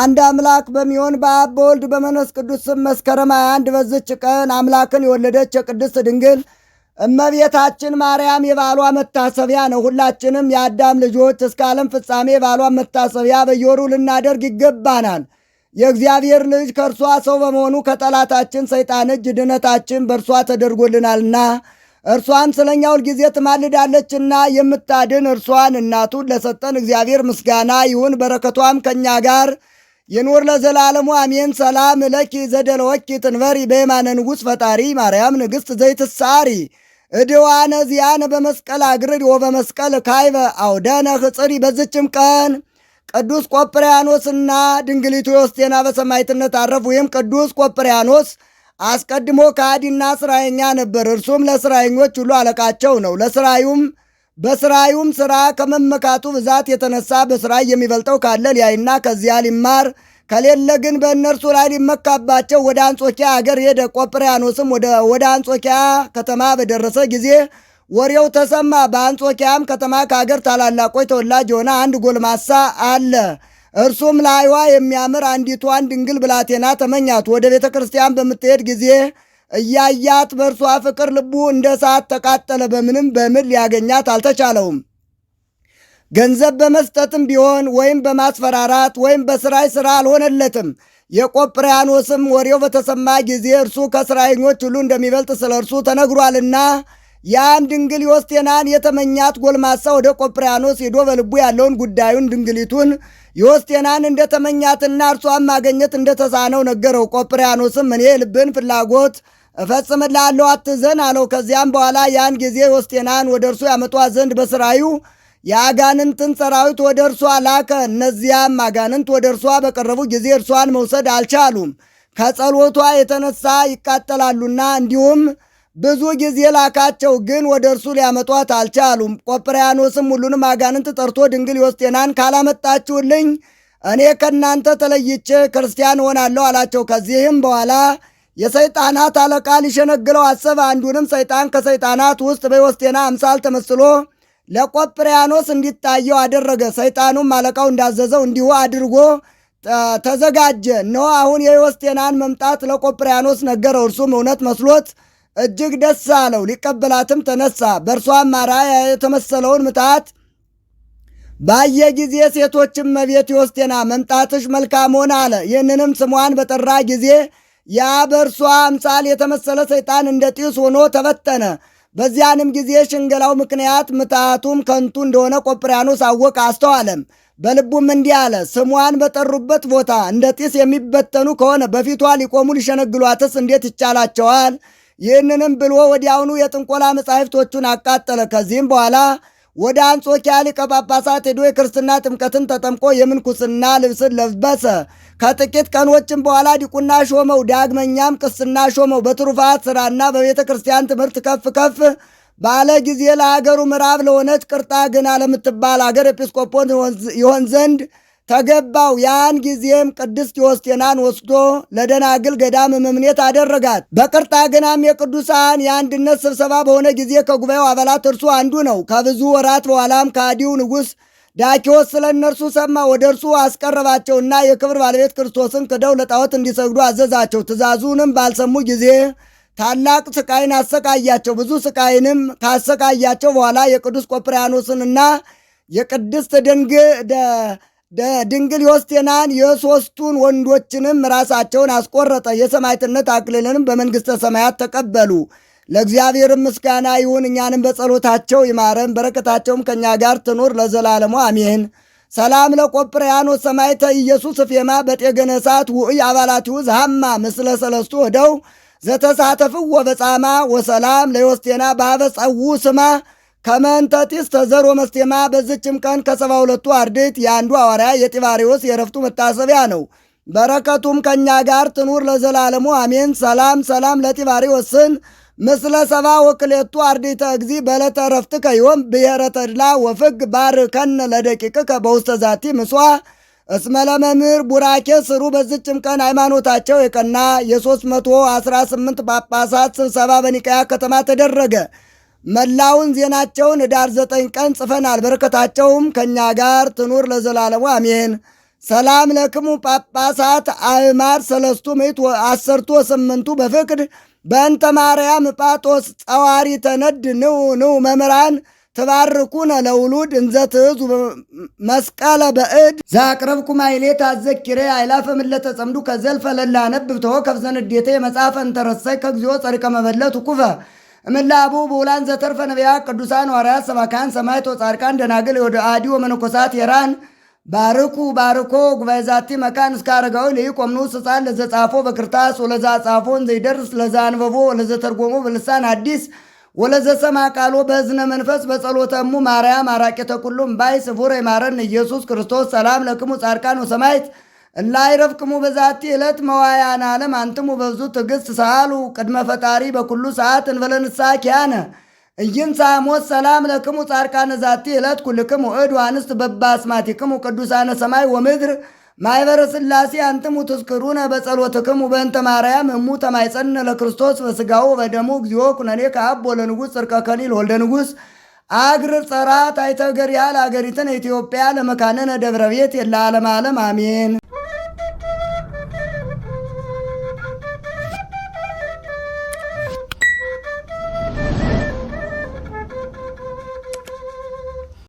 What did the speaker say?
አንድ አምላክ በሚሆን በአብ በወልድ በመንፈስ ቅዱስ ስም መስከረም አንድ በዝች ቀን አምላክን የወለደች የቅድስት ድንግል እመቤታችን ማርያም የባሏ መታሰቢያ ነው። ሁላችንም የአዳም ልጆች እስከ ዓለም ፍጻሜ የባሏ መታሰቢያ በየወሩ ልናደርግ ይገባናል። የእግዚአብሔር ልጅ ከእርሷ ሰው በመሆኑ ከጠላታችን ሰይጣን እጅ ድነታችን በእርሷ ተደርጎልናልና እርሷም ስለኛ ሁልጊዜ ትማልዳለችና የምታድን እርሷን እናቱን ለሰጠን እግዚአብሔር ምስጋና ይሁን። በረከቷም ከእኛ ጋር ይኑር ለዘላለሙ አሜን። ሰላም ለኪ ዘደለወኪ ትንበሪ በየማነ ንጉሥ ፈጣሪ ማርያም ንግሥት ዘይትሳሪ እድዋነ ዚያነ በመስቀል አግርድ ወበመስቀል ካይበ አውደነ ሕፅሪ። በዝችም ቀን ቅዱስ ቆጵርያኖስና ድንግሊቱ ዮስቴና በሰማይትነት አረፉ። ይህም ቅዱስ ቆጵርያኖስ አስቀድሞ ከሃዲና ስራየኛ ነበር። እርሱም ለስራየኞች ሁሉ አለቃቸው ነው። ለስራዩም በስራዩም ስራ ከመመካቱ ብዛት የተነሳ በስራ የሚበልጠው ካለ ሊያይና ከዚያ ሊማር ከሌለ ግን በእነርሱ ላይ ሊመካባቸው ወደ አንጾኪያ አገር ሄደ። ቆጵርያኖስም ወደ አንጾኪያ ከተማ በደረሰ ጊዜ ወሬው ተሰማ። በአንጾኪያም ከተማ ከአገር ታላላቆች ተወላጅ የሆነ አንድ ጎልማሳ አለ። እርሱም ላይዋ የሚያምር አንዲቷን ድንግል ብላቴና ተመኛት። ወደ ቤተ ክርስቲያን በምትሄድ ጊዜ እያያት በእርሷ ፍቅር ልቡ እንደ እሳት ተቃጠለ። በምንም በምን ሊያገኛት አልተቻለውም። ገንዘብ በመስጠትም ቢሆን ወይም በማስፈራራት ወይም በስራይ ስራ አልሆነለትም። የቆጵርያኖስም ወሬው በተሰማ ጊዜ እርሱ ከስራይኞች ሁሉ እንደሚበልጥ ስለ እርሱ ተነግሯልና ያም ድንግል የወስቴናን የተመኛት ጎልማሳ ወደ ቆጵርያኖስ ሄዶ በልቡ ያለውን ጉዳዩን ድንግሊቱን ዮስቴናን እንደተመኛትና እርሷን ማገኘት እንደተሳነው ነገረው። ቆጵርያኖስም እኔ ልብን ፍላጎት እፈጽምላለሁ፣ አትዘን አለው። ከዚያም በኋላ ያን ጊዜ ዮስቴናን ወደ እርሱ ያመጧ ዘንድ በስራዩ የአጋንንትን ሰራዊት ወደ እርሷ ላከ። እነዚያም አጋንንት ወደ እርሷ በቀረቡ ጊዜ እርሷን መውሰድ አልቻሉም፣ ከጸሎቷ የተነሳ ይቃጠላሉና እንዲሁም ብዙ ጊዜ ላካቸው፣ ግን ወደ እርሱ ሊያመጧት አልቻሉም። ቆጵርያኖስም ሁሉንም አጋንንት ጠርቶ ድንግል ዮስጤናን ካላመጣችሁልኝ እኔ ከእናንተ ተለይቼ ክርስቲያን ሆናለሁ አላቸው። ከዚህም በኋላ የሰይጣናት አለቃ ሊሸነግለው አሰበ። አንዱንም ሰይጣን ከሰይጣናት ውስጥ በዮስጤና አምሳል ተመስሎ ለቆጵርያኖስ እንዲታየው አደረገ። ሰይጣኑም አለቃው እንዳዘዘው እንዲሁ አድርጎ ተዘጋጀ። እነሆ አሁን የዮስጤናን መምጣት ለቆጵርያኖስ ነገረው። እርሱም እውነት መስሎት እጅግ ደስ አለው። ሊቀበላትም ተነሳ። በእርሷም አርአያ የተመሰለውን ምጣት ባየ ጊዜ ሴቶችም መቤት ዮስቴና መምጣትሽ መልካም ሆነ አለ። ይህንንም ስሟን በጠራ ጊዜ ያ በእርሷ አምሳል የተመሰለ ሰይጣን እንደ ጢስ ሆኖ ተበተነ። በዚያንም ጊዜ ሽንገላው ምክንያት ምታቱም ከንቱ እንደሆነ ቆጵሪያኖስ አወቀ፣ አስተዋለም። በልቡም እንዲህ አለ፣ ስሟን በጠሩበት ቦታ እንደ ጢስ የሚበተኑ ከሆነ በፊቷ ሊቆሙ ሊሸነግሏትስ እንዴት ይቻላቸዋል? ይህንንም ብሎ ወዲያውኑ የጥንቆላ መጻሕፍቶቹን አቃጠለ። ከዚህም በኋላ ወደ አንጾኪያ ሊቀ ጳጳሳት ሄዶ የክርስትና ጥምቀትን ተጠምቆ የምንኩስና ልብስን ለበሰ። ከጥቂት ቀኖችም በኋላ ዲቁና ሾመው። ዳግመኛም ቅስና ሾመው። በትሩፋት ሥራና በቤተ ክርስቲያን ትምህርት ከፍ ከፍ ባለ ጊዜ ለአገሩ ምዕራብ ለሆነች ቅርጣ ግና ለምትባል አገር ኤጲስቆጶስ ይሆን ዘንድ ተገባው። ያን ጊዜም ቅድስት ዮስቴናን ወስዶ ለደናግል ገዳም መምኔት አደረጋት። በቅርጣግናም የቅዱሳን የአንድነት ስብሰባ በሆነ ጊዜ ከጉባኤው አባላት እርሱ አንዱ ነው። ከብዙ ወራት በኋላም ካዲው ንጉሥ ዳኪዎስ ስለ እነርሱ ሰማ። ወደ እርሱ አስቀረባቸውና የክብር ባለቤት ክርስቶስን ክደው ለጣዖት እንዲሰግዱ አዘዛቸው። ትእዛዙንም ባልሰሙ ጊዜ ታላቅ ስቃይን አሰቃያቸው። ብዙ ስቃይንም ካሰቃያቸው በኋላ የቅዱስ ቆጵርያኖስንና የቅድስት ድንግ ድንግል ዮስቴናን የሦስቱን ወንዶችንም ራሳቸውን አስቆረጠ። የሰማዕትነት አክሊልንም በመንግሥተ ሰማያት ተቀበሉ። ለእግዚአብሔር ምስጋና ይሁን፣ እኛንም በጸሎታቸው ይማረን፣ በረከታቸውም ከእኛ ጋር ትኑር ለዘላለሙ አሜን። ሰላም ለቆጵርያኖስ ሰማይተ ኢየሱስ ፌማ በጤገነ እሳት ውእይ አባላቲሁ ዝሃማ ምስለ ሰለስቱ ወደው ዘተሳተፍ በጻማ ወሰላም ለዮስቴና ባበ ስማ ከመንተጢስ ተዘሮ መስቴማ በዝችም ቀን ከሰባ ሁለቱ አርድእት የአንዱ ሐዋርያ የጢባሪዎስ የረፍቱ መታሰቢያ ነው። በረከቱም ከእኛ ጋር ትኑር ለዘላለሙ አሜን። ሰላም ሰላም ለጢባሪዎስን ምስለ ሰባ ወክሌቱ አርዲተ እግዚ በለተ ረፍት ዮም ብሔረ ተድላ ወፍግ ባርከን ለደቂቅ ከበውስተ ዛቲ ምሷ እስመ ለመምህር ቡራኬ ስሩ። በዝችም ቀን ሃይማኖታቸው የቀና የ318 ጳጳሳት ስብሰባ በኒቀያ ከተማ ተደረገ። መላውን ዜናቸውን ኅዳር ዘጠኝ ቀን ጽፈናል። በረከታቸውም ከእኛ ጋር ትኑር ለዘላለሙ አሜን። ሰላም ለክሙ ጳጳሳት አእማር ሰለስቱ ምዕት አሰርቱ ወስምንቱ በፍቅድ በእንተ ማርያም ጳጦስ ጸዋሪ ተነድ ንው ንዑ መምህራን ትባርኩነ ለውሉድ እንዘ ትእዙ መስቀለ በእድ ዛቅረብኩ ማይሌ ታዘኪሬ አይላፈ ምለተ ጸምዱ ከዘልፈ ለላነብብ ተወከፍ ዘንዴተ የመጽሐፈ እንተረሰይ ከግዚኦ ጸሪቀ መበለት ኩፈ እምላ አቡብ ውላን ዘተርፈ ነቢያት ቅዱሳን ሐዋርያት ሰባካን ሰማዕት ወጻድቃን ደናግል ወደ አዲ ወመነኮሳት የራን ባርኩ ባርኮ ጉባኤ ዛቲ መካን እስከ አረጋዊ ለይቆምኑ ስጻን ለዘጻፎ በክርታስ ወለዛ ጻፎን ዘይደርስ ለዛ አንበቦ ወለዘተርጎሞ በልሳን አዲስ ወለዘሰማ ቃሎ በእዝነ መንፈስ በጸሎተሙ ማርያም አራቄ ተኩሉም ባይ ስቡር የማረን ኢየሱስ ክርስቶስ ሰላም ለክሙ ጻድቃን ወሰማይት እላይረፍቅሙ በዛቲ ዕለት መዋያን ዓለም አንትሙ በብዙ ትዕግሥት ሰአሉ ቅድመ ፈጣሪ በኩሉ ሰዓት እንበለንሳ ኪያነ እይንሳሞት ሰላም ለክሙ ጻርቃነ ዛቲ ዕለት ኩልክሙ እድ ዋንስት በባስማቲክሙ ቅዱሳነ ሰማይ ወምድር ማይበረ ሥላሴ አንትሙ በጸሎት ክሙ በእንተ ማርያም እሙ ተማይጸን ለክርስቶስ በስጋው በደሙ እግዚኦ ኩነኔ ከአብ ለንጉሥ ጽርቀ ከሊል ወልደ ንጉሥ አግር ጸራ ታይተገር ያህል አገሪትን ኢትዮጵያ ለመካነነ ደብረ ቤት የለ ዓለም ዓለም አሜን።